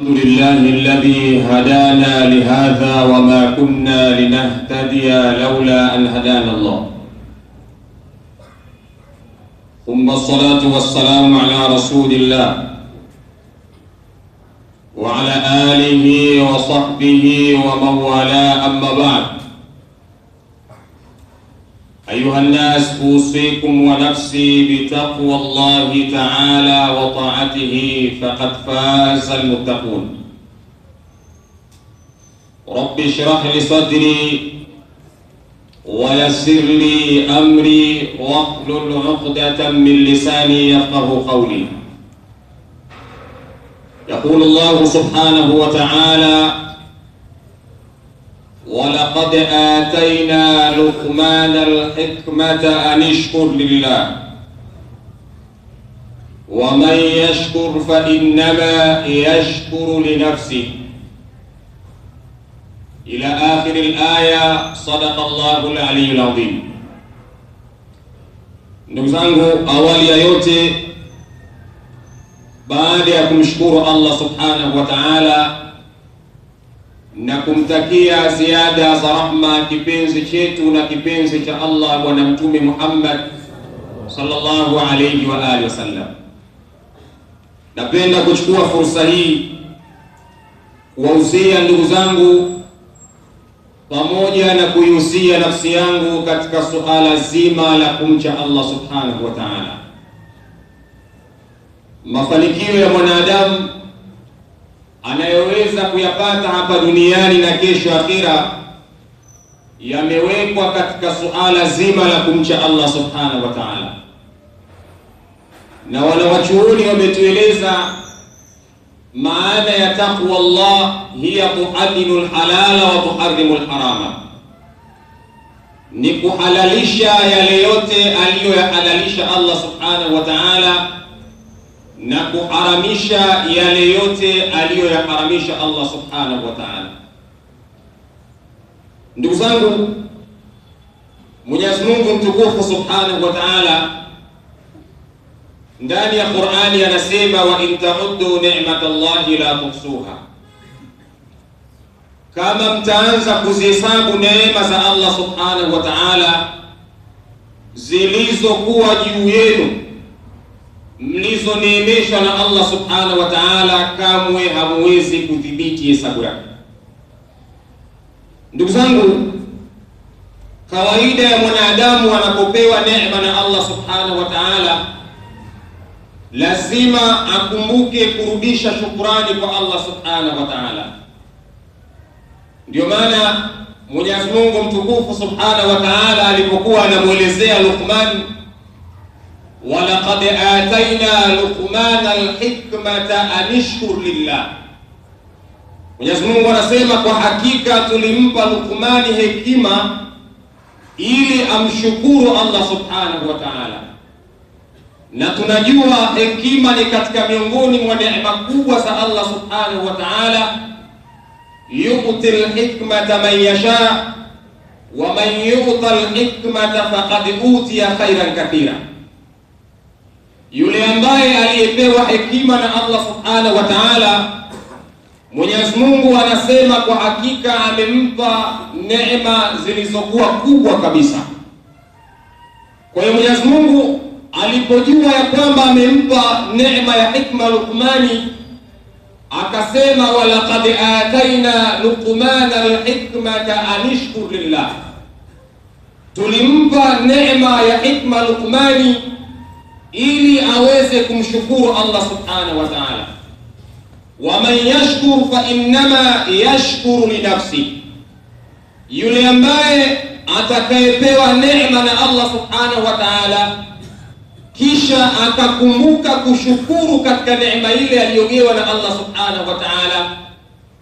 الحمد لله الذي هدانا لهذا وما كنا لنهتدي لولا أن هدانا الله ثم الصلاة والسلام على رسول الله وعلى آله وصحبه ومن والاه أما بعد أيها الناس أوصيكم ونفسي بتقوى الله تعالى وطاعته فقد فاز المتقون رب اشرح لي صدري ويسر لي أمري واحلل عقدة من لساني يفقه قولي يقول الله سبحانه وتعالى ولقد آتينا لقمان الحكمة أن اشكر لله ومن يشكر فإنما يشكر لنفسه إلى آخر الآية صدق الله العلي العظيم Ndugu أولي يوتي بعد أن نشكر الله سبحانه وتعالى na kumtakia ziada za rahma kipenzi chetu na kipenzi cha Allah Bwana Mtume Muhammad sallallahu alayhi wa alihi wasallam. Napenda kuchukua fursa hii kuwahusia ndugu zangu pamoja na kuihusia nafsi yangu katika suala zima la kumcha Allah subhanahu wa ta'ala. Mafanikio ya mwanadamu anayoweza kuyapata hapa duniani na kesho akhira, yamewekwa katika suala zima la kumcha Allah subhanahu wa ta'ala, na wanawachuoni wametueleza maana ya taqwa Allah hiya tuadinu lhalala wa tuharimu lharama, ni kuhalalisha yale yote aliyoyahalalisha Allah subhanahu wa ta'ala na kuharamisha yale yote aliyoyaharamisha Allah subhanahu wa ta'ala. Ndugu zangu, Mwenyezi Mungu mtukufu subhanahu wa ta'ala ndani ya Qur'ani anasema, wa in ta'uddu ni'matallahi la tuhsuha, kama mtaanza kuzihesabu neema za Allah subhanahu wa ta'ala zilizokuwa juu yenu mlizoneemeshwa na Allah subhanahu wa ta'ala, kamwe hamwezi kudhibiti hesabu yake. Ndugu zangu, kawaida ya mwanadamu anapopewa neema na Allah subhanahu wa ta'ala, lazima akumbuke kurudisha shukurani kwa Allah subhanahu wa ta'ala. Ndiyo maana Mwenyezi Mungu mtukufu subhanahu wa ta'ala alipokuwa anamwelezea Luqman walaqad ataina luqmana alhikmata anishkur lillah, Mwenyezi Mungu anasema kwa hakika tulimpa Luqmani hekima ili amshukuru Allah subhanahu wa ta'ala, na tunajua hekima ni katika miongoni mwa neema kubwa za Allah subhanahu wa ta'ala. yuti lhikmata man yasha wa man yuta lhikmata faqad utiya khairan kathira yule ambaye aliyepewa hekima na Allah subhanahu wa ta'ala, Mwenyezi Mungu anasema kwa hakika amempa neema zilizokuwa kubwa kabisa. Kwa hiyo Mwenyezi Mungu alipojua ya kwamba amempa neema ya hikma lukmani akasema walaqad ataina lukmana alhikmata anishkur lillah, tulimpa neema ya hikma lukmani ili aweze kumshukuru Allah subhanahu wa ta'ala. Waman yashkuru fa innama yashkuru linafsi, yule ambaye atakayepewa neema na Allah subhanahu wa ta'ala kisha akakumbuka kushukuru katika neema ile aliyogewa na Allah subhanahu wa ta'ala,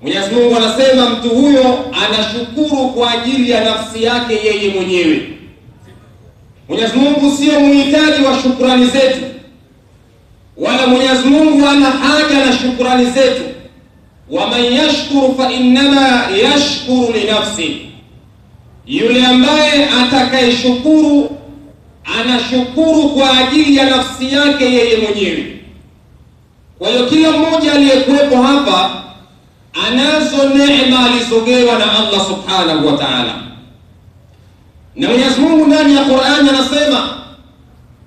Mwenyezi Mungu anasema mtu huyo anashukuru kwa ajili ya nafsi yake yeye mwenyewe. Mwenyezi Mungu sio mhitaji wa shukrani zetu, wala Mwenyezi Mungu ana haja na shukurani zetu. Waman yashkuru fa innama yashkuru li nafsi, yule ambaye atakayeshukuru anashukuru kwa ajili ya nafsi yake yeye mwenyewe. Kwa hiyo kila mmoja aliyekuwepo hapa anazo neema alizogewa na Allah subhanahu wa ta'ala. Na Mwenyezi Mungu ndani ya qurani anasema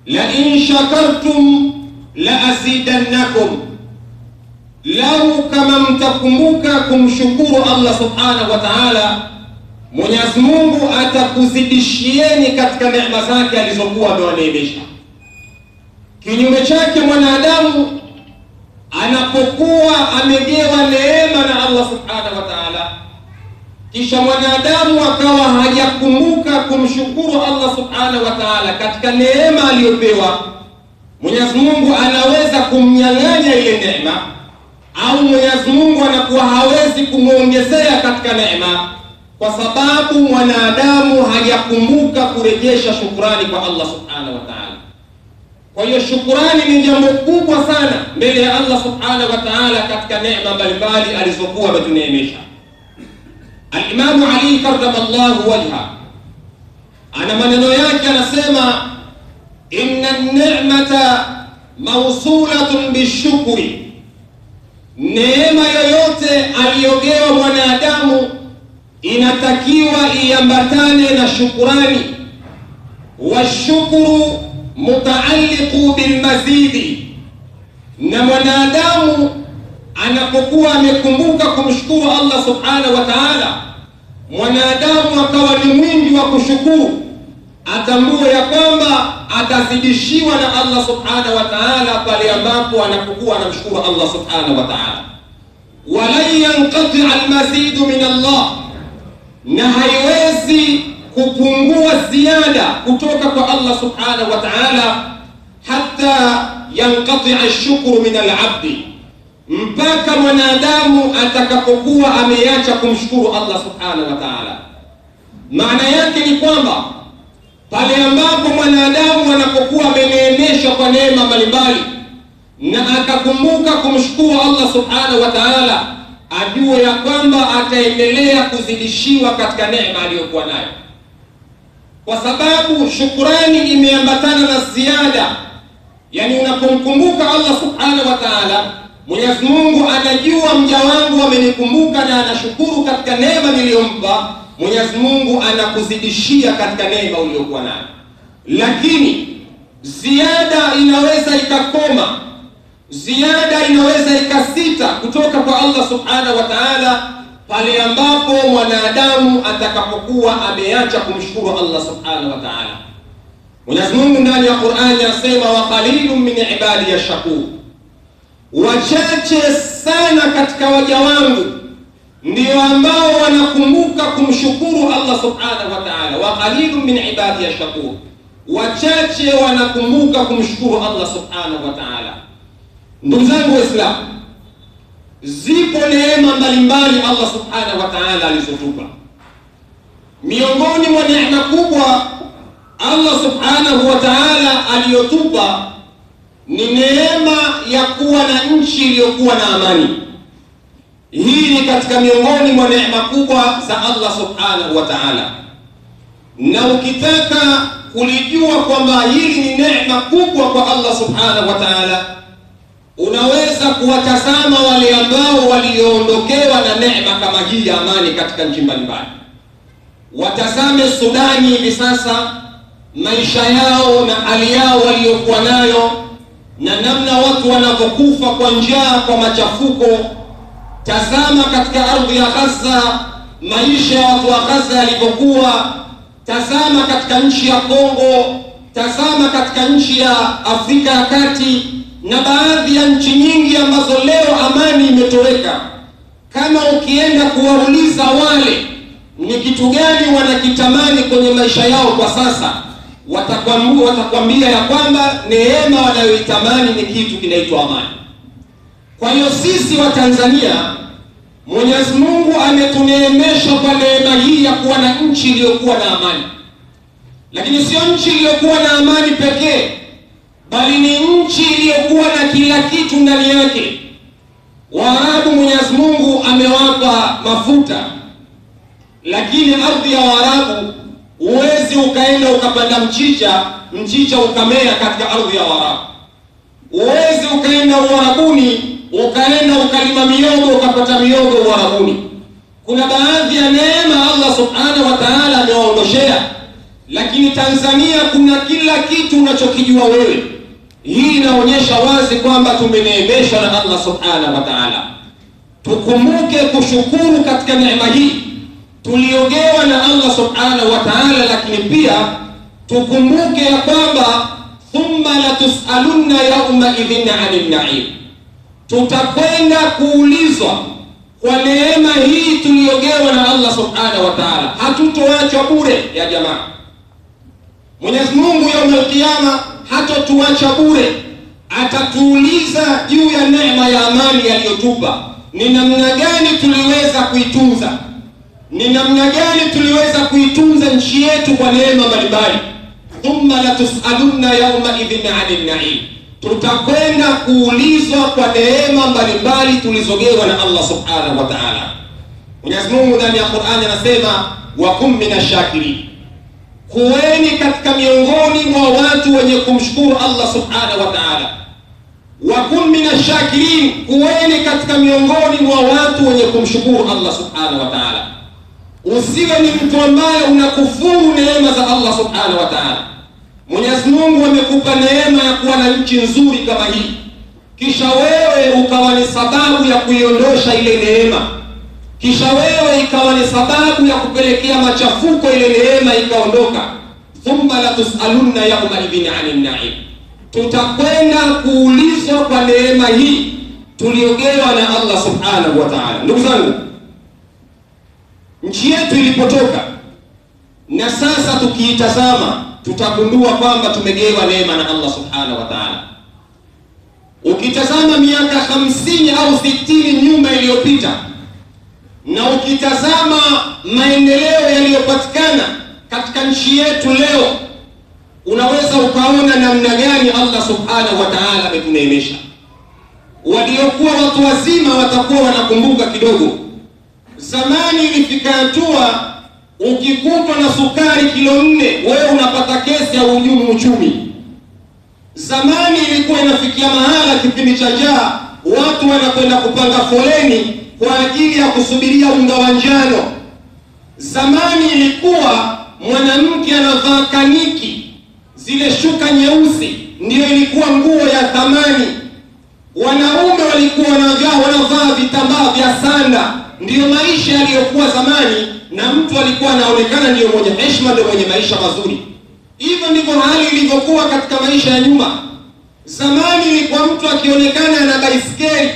la in shakartum la azidannakum, lau kama mtakumbuka kumshukuru Allah subhanahu wa ta'ala, Mwenyezi Mungu atakuzidishieni katika neema zake alizokuwa amewaneemesha. Kinyume chake mwanadamu anapokuwa amegewa neema na Allah subhanahu wa ta'ala kisha mwanadamu akawa hajakumbuka kumshukuru Allah subhanahu wa ta'ala katika neema aliyopewa. Mwenyezi Mungu anaweza kumnyang'anya ile neema, au Mwenyezi Mungu anakuwa hawezi kumwongezea katika neema, kwa sababu mwanadamu hajakumbuka kurejesha shukrani kwa Allah subhanahu wa ta'ala. Kwa hiyo shukrani ni jambo kubwa sana mbele ya Allah subhanahu wa ta'ala katika neema mbalimbali alizokuwa ametuneemesha. Alimamu Ali karamallahu wajha ana maneno yake, anasema inna ni'mata mawsulatun bishukri, neema yoyote aliyogewa mwanadamu inatakiwa iambatane na shukurani. Washukuru mutaalliqu bilmazidi, na mwanadamu anapokuwa amekumbuka kumshukuru Allah subhanahu wa ta'ala, mwanadamu akawa ni mwingi wa kushukuru, atambue ya kwamba atazidishiwa na Allah subhanahu wa ta'ala pale ambapo anapokuwa anamshukuru Allah subhanahu wa ta'ala. walan yanqatia almazidu min Allah, na haiwezi kupungua ziada kutoka kwa Allah subhanahu wa ta'ala, hatta yanqatia ashukuru min alabdi mpaka mwanadamu atakapokuwa ameacha kumshukuru Allah subhanahu wa ta'ala. Maana yake ni kwamba pale ambapo mwanadamu anapokuwa ameneemeshwa kwa neema mbalimbali na akakumbuka kumshukuru Allah subhanahu wa ta'ala, ajue ya kwamba ataendelea kuzidishiwa katika neema aliyokuwa nayo, kwa sababu shukurani imeambatana na ziada. Yani unapomkumbuka Allah subhanahu wa ta'ala Mwenyezi Mungu anajua mja wangu amenikumbuka na anashukuru katika neema niliyompa. Mwenyezi Mungu anakuzidishia katika neema uliyokuwa nayo, lakini ziada inaweza ikakoma, ziada inaweza ikasita kutoka kwa Allah subhanahu wa ta'ala, pale ambapo mwanadamu atakapokuwa ameacha kumshukuru Allah subhanahu wa ta'ala. Mwenyezi Mungu ndani ya Qur'ani anasema, wa qalilun min ibadi ya shakuru Wachache sana katika waja wangu ndio ambao wanakumbuka kumshukuru Allah subhanahu wa ta'ala, wa qalilun min ibadi ya shakur, wachache wanakumbuka kumshukuru Allah subhanahu wa ta'ala. Ndugu zangu Waislamu, zipo neema mbalimbali Allah subhanahu wa ta'ala alizotupa. Miongoni mwa neema kubwa Allah subhanahu wa ta'ala aliyotupa ni neema ya kuwa na nchi iliyokuwa na amani. Hii ni katika miongoni mwa neema kubwa za Allah subhanahu wa ta'ala, na ukitaka kulijua kwamba hili ni neema kubwa kwa Allah subhanahu wa ta'ala, unaweza kuwatazama wale ambao walioondokewa na neema kama hii ya amani katika nchi mbalimbali. Watazame Sudani hivi sasa, maisha yao na hali yao waliokuwa nayo na namna watu wanavyokufa kwa njaa, kwa machafuko. Tazama katika ardhi ya Gaza maisha ya watu wa Gaza yalivyokuwa. Tazama katika nchi ya Kongo, tazama katika nchi ya Afrika ya Kati na baadhi ya nchi nyingi ambazo leo amani imetoweka. Kama ukienda kuwauliza wale ni kitu gani wanakitamani kwenye maisha yao kwa sasa watakwambia watakwambia ya kwamba neema wanayoitamani ni kitu kinaitwa amani. Kwa hiyo sisi wa Tanzania, Mwenyezi Mungu ametuneemesha kwa neema hii ya kuwa na nchi iliyokuwa na amani, lakini sio nchi iliyokuwa na amani pekee, bali ni nchi iliyokuwa na kila kitu ndani yake. Waarabu Mwenyezi Mungu amewapa mafuta, lakini ardhi ya Waarabu Huwezi ukaenda ukapanda mchicha, mchicha ukamea katika ardhi ya Waarabu. Huwezi ukaenda Uarabuni ukaenda ukalima miogo ukapata miogo Uarabuni. Kuna baadhi ya neema Allah subhanahu wa ta'ala amewaondoshea, lakini Tanzania kuna kila kitu unachokijua wewe. Hii inaonyesha wazi kwamba tumeneemeshwa na Allah subhanahu wa ta'ala. Tukumbuke kushukuru katika neema hii tuliogewa na Allah subhanahu wa ta'ala, lakini pia tukumbuke ya kwamba thumma latusalunna yauma idhin anin naim, tutakwenda kuulizwa kwa neema hii tuliogewa na Allah subhanahu wa ta'ala, hatutoachwa bure ya jamaa. Mwenyezi Mungu yauma alqiyama hatotuacha bure, atatuuliza juu ya neema ya amani yaliyotupa, ni namna gani tuliweza kuitunza ni namna gani tuliweza kuitunza nchi yetu kwa neema mbalimbali. Thumma latusalunna yauma idhin ani naim, tutakwenda kuulizwa kwa neema mbalimbali tulizogewa na Allah subhanahu wa ta'ala. Mwenyezi ndani ya Qur'ani anasema wa kum ashakiri kuweni katika miongoni mwa watu wenye kumshukuru Allah subhanahu wa ta'ala wa kun kuweni katika miongoni mwa watu wenye kumshukuru Allah subhanahu wa ta'ala usiwe ni mtu ambaye unakufuru neema za Allah subhanahu wa ta'ala. Mwenyezi Mungu amekupa neema ya kuwa na nchi nzuri kama hii, kisha wewe ukawa ni sababu ya kuiondosha ile neema, kisha wewe ikawa ni sababu ya kupelekea machafuko ile neema ikaondoka. Thumma latusalunna yauma idhin anin naim, tutakwenda kuulizwa kwa neema hii tuliogewa na Allah subhanahu wa ta'ala. Ndugu zangu nchi yetu ilipotoka na sasa tukiitazama tutagundua kwamba tumegewa neema na Allah subhanahu wa ta'ala. Ukitazama miaka hamsini au sitini nyuma iliyopita, na ukitazama maendeleo yaliyopatikana katika nchi yetu leo, unaweza ukaona namna gani Allah subhanahu wa ta'ala ametuneemesha. Waliokuwa watu wazima watakuwa wanakumbuka kidogo Zamani ilifika hatua ukikutwa na sukari kilo nne wewe unapata kesi ya uhujumu uchumi. Zamani ilikuwa inafikia mahala kipindi cha njaa watu wanakwenda kupanga foleni kwa ajili ya kusubiria unga wa njano. Zamani ilikuwa mwanamke anavaa kaniki, zile shuka nyeusi ndiyo ilikuwa nguo ya thamani. Wanaume walikuwa wanavaa vitambaa vya sanda ndiyo maisha yaliyokuwa zamani, na mtu alikuwa anaonekana ndiyo mwenye heshima, ndio mwenye maisha mazuri. Hivyo ndivyo hali ilivyokuwa katika maisha ya nyuma. Zamani ilikuwa mtu akionekana ana baiskeli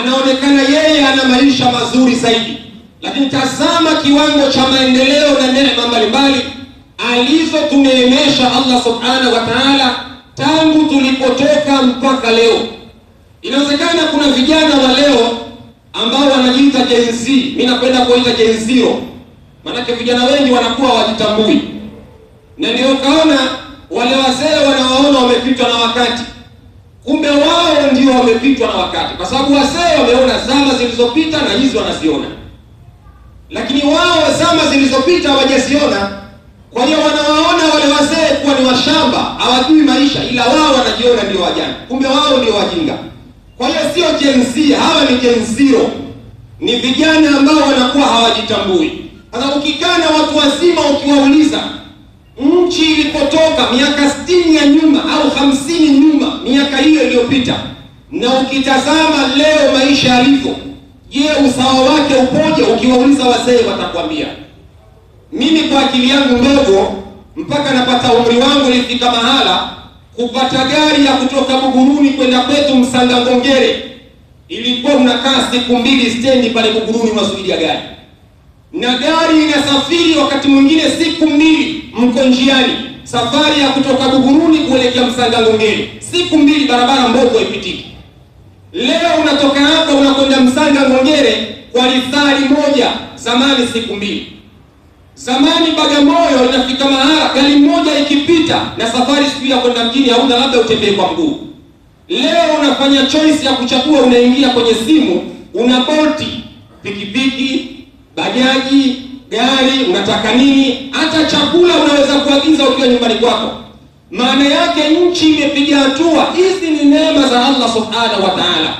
anaonekana yeye ana maisha mazuri zaidi, lakini tazama kiwango cha maendeleo na nema mbalimbali alizotuneemesha Allah subhanahu wa ta'ala tangu tulipotoka mpaka leo. Inawezekana kuna vijana wa leo ambao wanajiita Gen Z, mimi napenda kuwaita Gen Z, maanake vijana wengi wanakuwa wajitambui, na ndio kaona wale wazee wanawaona wamepitwa na wakati, kumbe wao ndio wamepitwa na wakati, kwa sababu wazee wameona zama zilizopita na hizi wanaziona, lakini wao zama zilizopita hawajaziona. Kwa hiyo wanawaona wale wazee kuwa ni washamba, hawajui maisha, ila wao wanajiona ndio wajana, kumbe wao ndio wajinga. Kwa hiyo sio jenzia, hawa ni jenzio, ni vijana ambao wanakuwa hawajitambui. Sasa ukikaa na watu wazima ukiwauliza nchi ilipotoka miaka sitini ya nyuma au hamsini nyuma, miaka hiyo iliyopita, na ukitazama leo maisha yalivyo, je, usawa wake upoje? Ukiwauliza wazee watakwambia. Mimi kwa akili yangu ndogo, mpaka napata umri wangu ilifika mahala kupata gari ya kutoka Buguruni kwenda kwetu Msanga Ngongere, ilikuwa unakaa siku mbili stendi pale Buguruni, unasubiria gari na gari inasafiri wakati mwingine siku mbili, mko njiani. Safari ya kutoka Buguruni kuelekea Msanga Ngongere, siku mbili, barabara mbovu, haipitiki. Leo unatoka hapa unakwenda Msanga Ngongere kwa lisali moja, zamani siku mbili. Zamani Bagamoyo inafika mahala gari moja ikipita na safari sijui ya kwenda mjini auna labda utembee kwa mguu. Leo unafanya choice ya kuchagua, unaingia kwenye simu, una boti, pikipiki, bajaji, gari, unataka nini? Hata chakula unaweza kuagiza ukiwa nyumbani kwako. Maana yake nchi imepiga hatua. Hizi ni neema za Allah subhanahu wa ta'ala.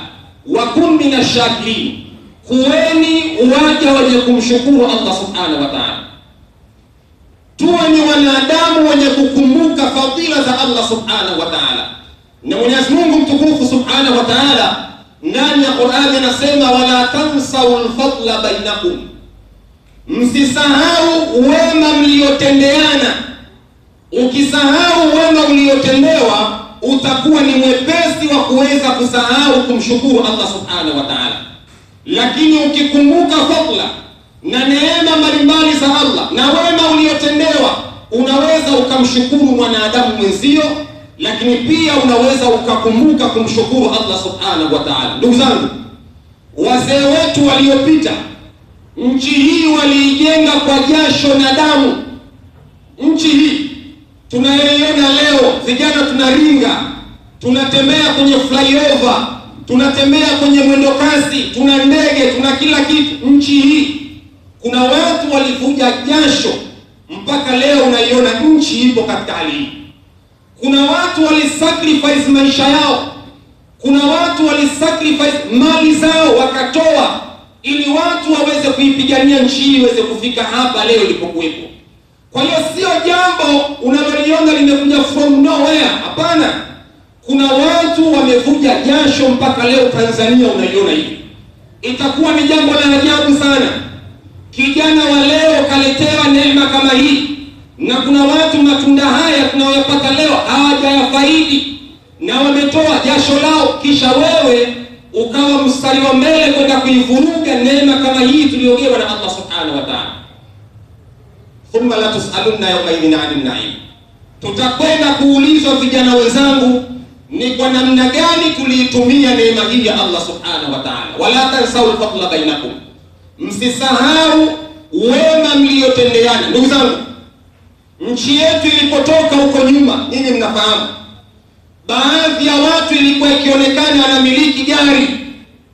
wa kun shakirin, kuweni waja wenye kumshukuru Allah subhanahu wa ta'ala tuwe ni wanadamu wenye kukumbuka fadhila za Allah subhanahu wa ta'ala. Na Mwenyezi Mungu mtukufu subhanahu wa ta'ala ndani ya Qur'ani anasema, wala tansau lfadla bainakum, msisahau wema mliotendeana. Ukisahau wema uliotendewa utakuwa ni mwepesi wa kuweza kusahau kumshukuru Allah subhanahu wa ta'ala, lakini ukikumbuka fadla na neema mbalimbali za Allah na wema uliotendewa, unaweza ukamshukuru mwanadamu mwenzio, lakini pia unaweza ukakumbuka kumshukuru Allah subhanahu wa ta'ala. Ndugu zangu, wazee wetu waliopita, nchi hii waliijenga kwa jasho na damu. Nchi hii tunayoiona leo, vijana tunaringa, tunatembea kwenye flyover, tunatembea kwenye mwendo kasi, tuna ndege, tuna kila kitu. Nchi hii kuna watu walivuja jasho mpaka leo unaiona nchi ipo katika hali hii. Kuna watu walisacrifice maisha yao, kuna watu walisacrifice mali zao wakatoa, ili watu waweze kuipigania nchi hii iweze kufika hapa leo ilipokuwepo. Kwa hiyo sio jambo unaloliona limevuja from nowhere, hapana. Kuna watu wamevuja jasho mpaka leo Tanzania unaiona hivi. Itakuwa ni jambo la ajabu sana Kijana wa leo kaletewa neema kama hii, na kuna watu matunda haya tunayopata leo hawajayafaidi na wametoa jasho lao, kisha wewe ukawa mstari wa mbele kwenda kuivuruga neema kama hii tuliogewa na Allah subhanahu wa ta'ala. Thumma la tusaluna yaumaidhin ani naim, tutakwenda kuulizwa vijana wenzangu, ni kwa namna gani tuliitumia neema hii ya Allah subhanahu wa ta'ala. Wala tansau lfadla bainakum msisahau wema mliyotendeana Ndugu zangu, nchi yetu ilipotoka huko nyuma, nyinyi mnafahamu, baadhi ya watu ilikuwa ikionekana anamiliki gari,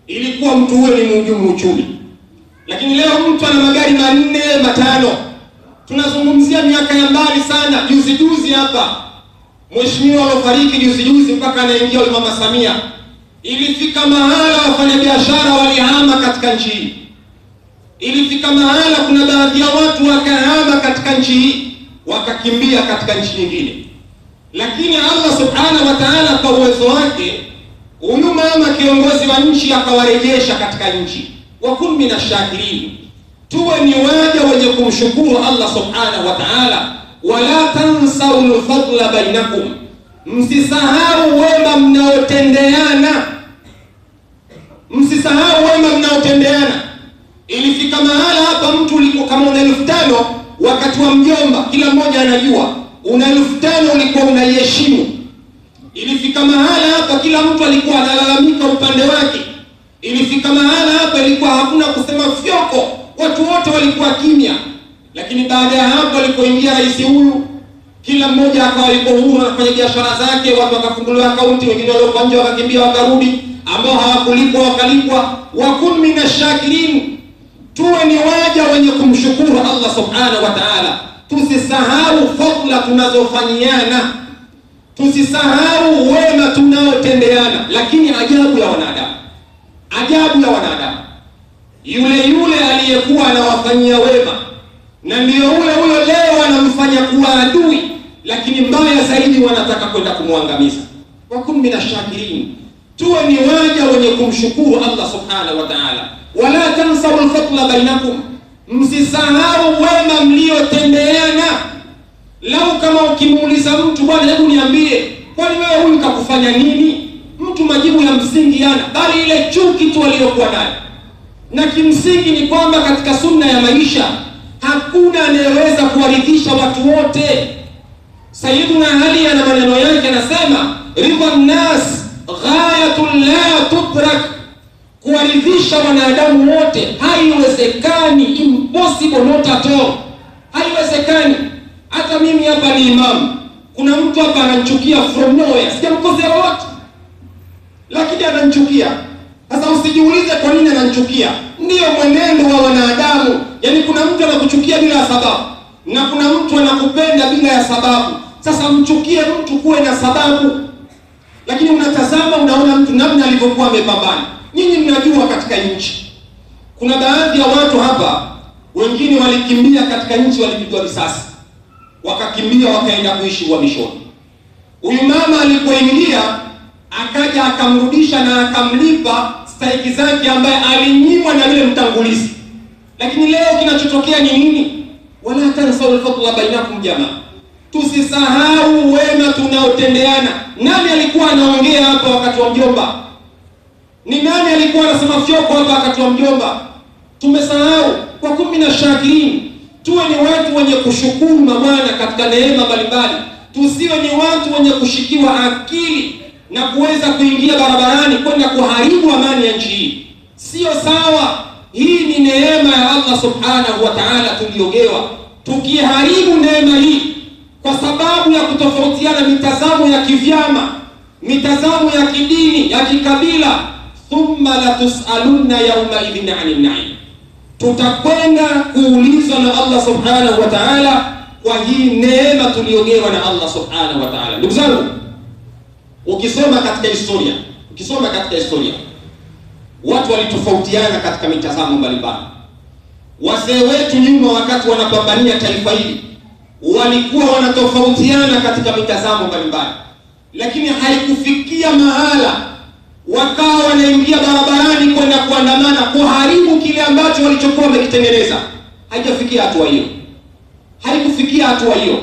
ilikuwa mtu huyo ni mhujumu uchumi, lakini leo mtu ana magari manne matano. Tunazungumzia miaka ya mbali sana. Juzi juzi hapa mheshimiwa aliofariki juzi juzi mpaka anaingia mama Samia, ilifika mahala wafanyabiashara walihama katika nchi hii Ilifika mahala kuna baadhi ya watu wakahama katika nchi hii wakakimbia katika nchi nyingine, lakini Allah subhanahu wataala kwa uwezo wake huyu mama kiongozi wa nchi akawarejesha katika nchi. wakun min ashakirin, tuwe ni waja wenye kumshukuru Allah subhanahu wa ta'ala. wala tansau lfadla bainakum, msisahau wema mnaotendeana, msisahau wema mnaotendeana Ilifika mahala hapa mtu uliko kama una elfu tano wakati wa mjomba, kila mmoja anajua una elfu tano ulikuwa unaiheshimu. Ilifika mahala hapa kila mtu alikuwa analalamika upande wake. Ilifika mahala hapa ilikuwa hakuna kusema fyoko, watu wote walikuwa kimya. Lakini baada ya hapo alipoingia rais huyu, kila mmoja akawa yuko huru anafanya biashara zake, watu wakafunguliwa akaunti, wengine waliokuwa nje wakakimbia wakarudi, ambao hawakulipwa wakalipwa. wakun minashakirin tuwe ni waja wenye kumshukuru Allah subhanahu wa ta'ala. Tusisahau fadla tunazofanyiana, tusisahau wema tunaotendeana. Lakini ajabu ya wanadamu, ajabu ya wanadamu, yule yule aliyekuwa anawafanyia wema na ndiyo ule ule leo anamfanya kuwa adui, lakini mbaya zaidi wanataka kwenda kumwangamiza. Wakun minashakirin, tuwe ni waja wenye kumshukuru Allah subhanahu wa ta'ala wala tansabu lfadla bainakum, msisahau wema mliotendeana. Lau kama ukimuuliza mtu bwana, hebu niambie, kwani wewe huyu kakufanya nini? Mtu majibu ya msingi yana, bali ile chuki tu aliyokuwa nayo. Na kimsingi ni kwamba katika sunna ya maisha hakuna anayeweza kuwaridhisha watu wote. sayiduna Ali ana maneno yake, anasema ridha nnas ghayatun la tudrak kuwaridhisha wanadamu wote haiwezekani, impossible not at all, haiwezekani. Hata mimi hapa ni imamu, kuna mtu hapa ananchukia from nowhere, sijamkosea wote, lakini ananchukia Sasa usijiulize kwa nini ananchukia ndiyo mwenendo wa wanadamu. Yaani kuna mtu anakuchukia bila ya sababu na kuna mtu anakupenda bila ya sababu. Sasa mchukie mtu kuwe na sababu, lakini unatazama unaona mtu namna alivyokuwa amepambana Nyinyi mnajua katika nchi kuna baadhi ya watu hapa, wengine walikimbia katika nchi, walipigwa risasi wakakimbia, wakaenda kuishi uhamishoni. Huyu mama alipoingia akaja akamrudisha na akamlipa stahiki zake ambaye alinyimwa na yule mtangulizi. Lakini leo kinachotokea ni nini? wala tansaul bainakum jamaa, tusisahau wema tunaotendeana. Nani alikuwa anaongea hapa wakati wa mjomba ni nani alikuwa anasema fyoko hapa wakati wa mjomba? Tumesahau. kwa kumi na shakirini, tuwe ni watu wenye kushukuru mabwana katika neema mbalimbali, tusiwe ni watu wenye kushikiwa akili na kuweza kuingia barabarani kwenda kuharibu amani ya nchi hii. sio sawa. Hii ni neema ya Allah subhanahu wa ta'ala tuliogewa. Tukiharibu neema hii kwa sababu ya kutofautiana mitazamo ya kivyama, mitazamo ya kidini, ya kikabila thumma latusalunna yaumaidhin idhin ani naim, tutakwenda kuulizwa na Allah subhanahu wa ta'ala kwa hii neema tuliogewa na Allah subhanahu wa ta'ala. Ndugu zangu, ukisoma katika historia, ukisoma katika historia, watu walitofautiana katika mitazamo mbalimbali. Wazee wetu nyuma, wakati wanapambania taifa hili, walikuwa wanatofautiana katika mitazamo mbalimbali, lakini haikufikia mahala wakawa wanaingia barabarani kwenda kuandamana kuharibu kile ambacho walichokuwa wamekitengeneza. Haijafikia hatua hiyo, haikufikia hatua hiyo,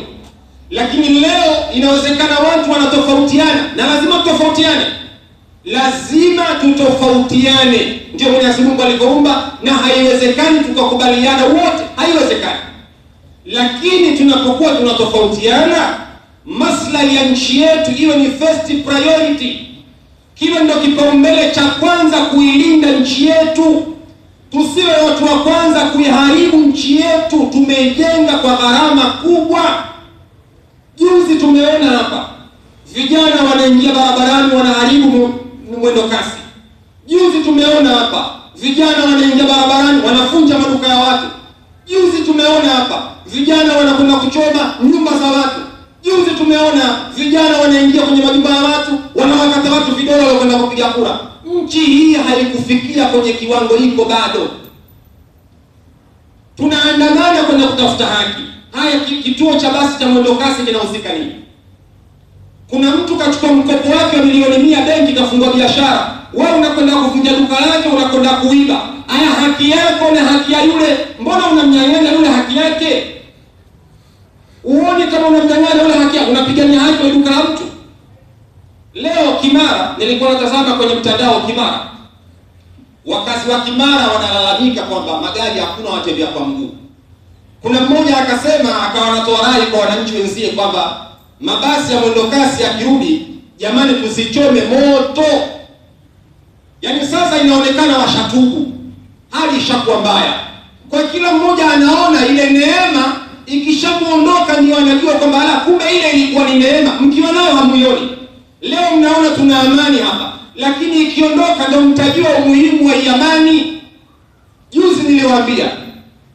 lakini leo inawezekana watu wanatofautiana, na lazima tutofautiane, lazima tutofautiane. Ndio Mwenyezi Mungu alivyoumba, na haiwezekani tukakubaliana wote, haiwezekani. Lakini tunapokuwa tunatofautiana, maslahi ya nchi yetu iwe ni first priority hilo ndio kipaumbele cha kwanza, kuilinda nchi yetu, tusiwe watu wa kwanza kuiharibu nchi yetu. Tumeijenga kwa gharama kubwa. Juzi tumeona hapa vijana wanaingia barabarani wanaharibu mwendo kasi. Juzi tumeona hapa vijana wanaingia barabarani wanafunja maduka ya watu. Juzi tumeona hapa vijana wanakwenda kuchoma nyumba za watu. Juzi tumeona vijana wanaingia kwenye majumba ya watu na watu vidola wanakwenda kupiga kura. Nchi hii haikufikia kwenye kiwango hiko bado, tunaandamana kwenda kutafuta haki. Haya, kituo cha basi cha mwendokasi kinahusika nini? Kuna mtu kachukua mkopo wake wa milioni mia benki, kafungua biashara, wewe unakwenda kuvunja duka lake, unakwenda kuiba. Haya, haki yako na haki ya yule, mbona unamnyang'anya yule haki yake? Uone kama unamnyang'anya yule haki yake, unapigania haki ya duka la mtu. Leo Kimara, nilikuwa natazama kwenye mtandao Kimara, wakazi wa Kimara wanalalamika kwamba magari hakuna watembea kwa mguu. Kuna mmoja akasema, akawa anatoa rai kwa wananchi wenzie kwamba mabasi ya mwendokasi yakirudi, jamani, kuzichome moto. Yaani sasa inaonekana washatubu, hali ishakuwa mbaya, kwa kila mmoja anaona ile neema ikishakuondoka, ndio anajua kwamba ala, kumbe ile ilikuwa ni neema, mkiwa nayo hamuioni. Leo mnaona tuna amani hapa, lakini ikiondoka ndio mtajua umuhimu wa amani. Juzi niliwaambia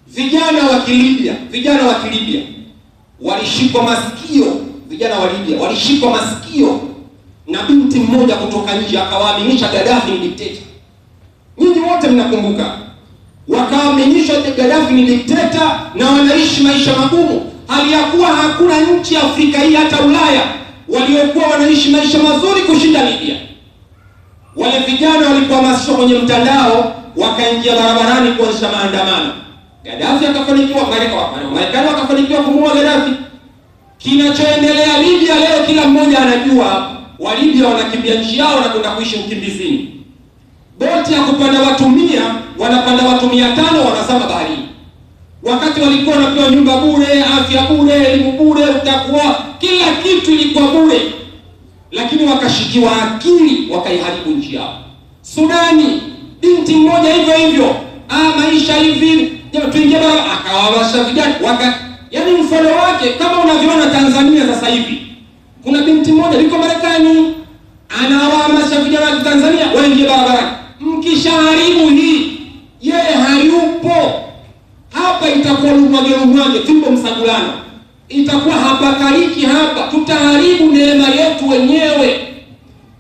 vijana wa Kilibya, vijana wa Kilibya walishikwa masikio, vijana wa Libya walishikwa masikio na binti mmoja kutoka nje akawaaminisha Gaddafi ni dikteta. Nyinyi wote mnakumbuka, wakaaminishwa Gaddafi ni dikteta na wanaishi maisha magumu, hali ya kuwa hakuna nchi ya Afrika hii hata Ulaya waliokuwa wanaishi maisha mazuri kushinda Libya. Wale vijana walipohamasishwa kwenye mtandao, wakaingia barabarani kuanzisha maandamano. gadafi akafanikiwa, Marekani wakafanikiwa kumua gadafi Kinachoendelea Libya leo kila mmoja anajua. Walibya wanakimbia nchi yao na kwenda kuishi ukimbizini. Boti ya kupanda watu mia wanapanda watu mia tano wanazama baharini, wakati walikuwa wanapewa nyumba bure, afya bure, elimu bure, utakuwa kila kitu ilikuwa bure, lakini wakashikiwa akili, wakaiharibu nchi yao. Sudani, binti mmoja hivyo hivyo, ah, maisha hivi, tuingia bara, akawawasha vijana waka, yani mfano wake kama unavyoona Tanzania sasa hivi, kuna binti mmoja yuko Marekani anawaamasha vijana wa Tanzania waingie barabarani. Mkishaharibu hii, yeye hayupo hapa, itakuwa lumwagerumwage, tumbo msagulano itakuwa hapakaliki hapa, tutaharibu neema yetu wenyewe.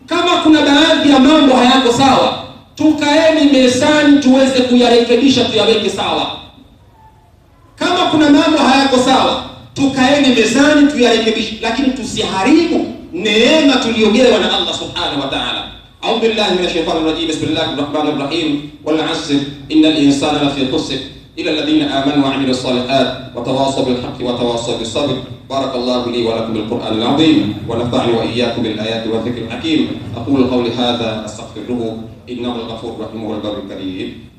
Kama kuna baadhi ya mambo hayako sawa, tukaeni mezani tuweze kuyarekebisha, tuyaweke sawa. Kama kuna mambo hayako sawa, tukaeni mezani tuyarekebishe, lakini tusiharibu neema tuliyogewa na Allah subhanahu wa ta'ala. أعوذ بالله من الشيطان الرجيم بسم الله الرحمن الرحيم والعصر إن الإنسان لفي خسر إلى الذين آمنوا وعملوا الصالحات وتواصوا بالحق وتواصوا بالصبر بارك الله لي ولكم بالقرآن العظيم ونفعني وإياكم بالآيات والذكر الحكيم أقول قولي هذا أستغفره إنه الغفور الرحيم والبر الكريم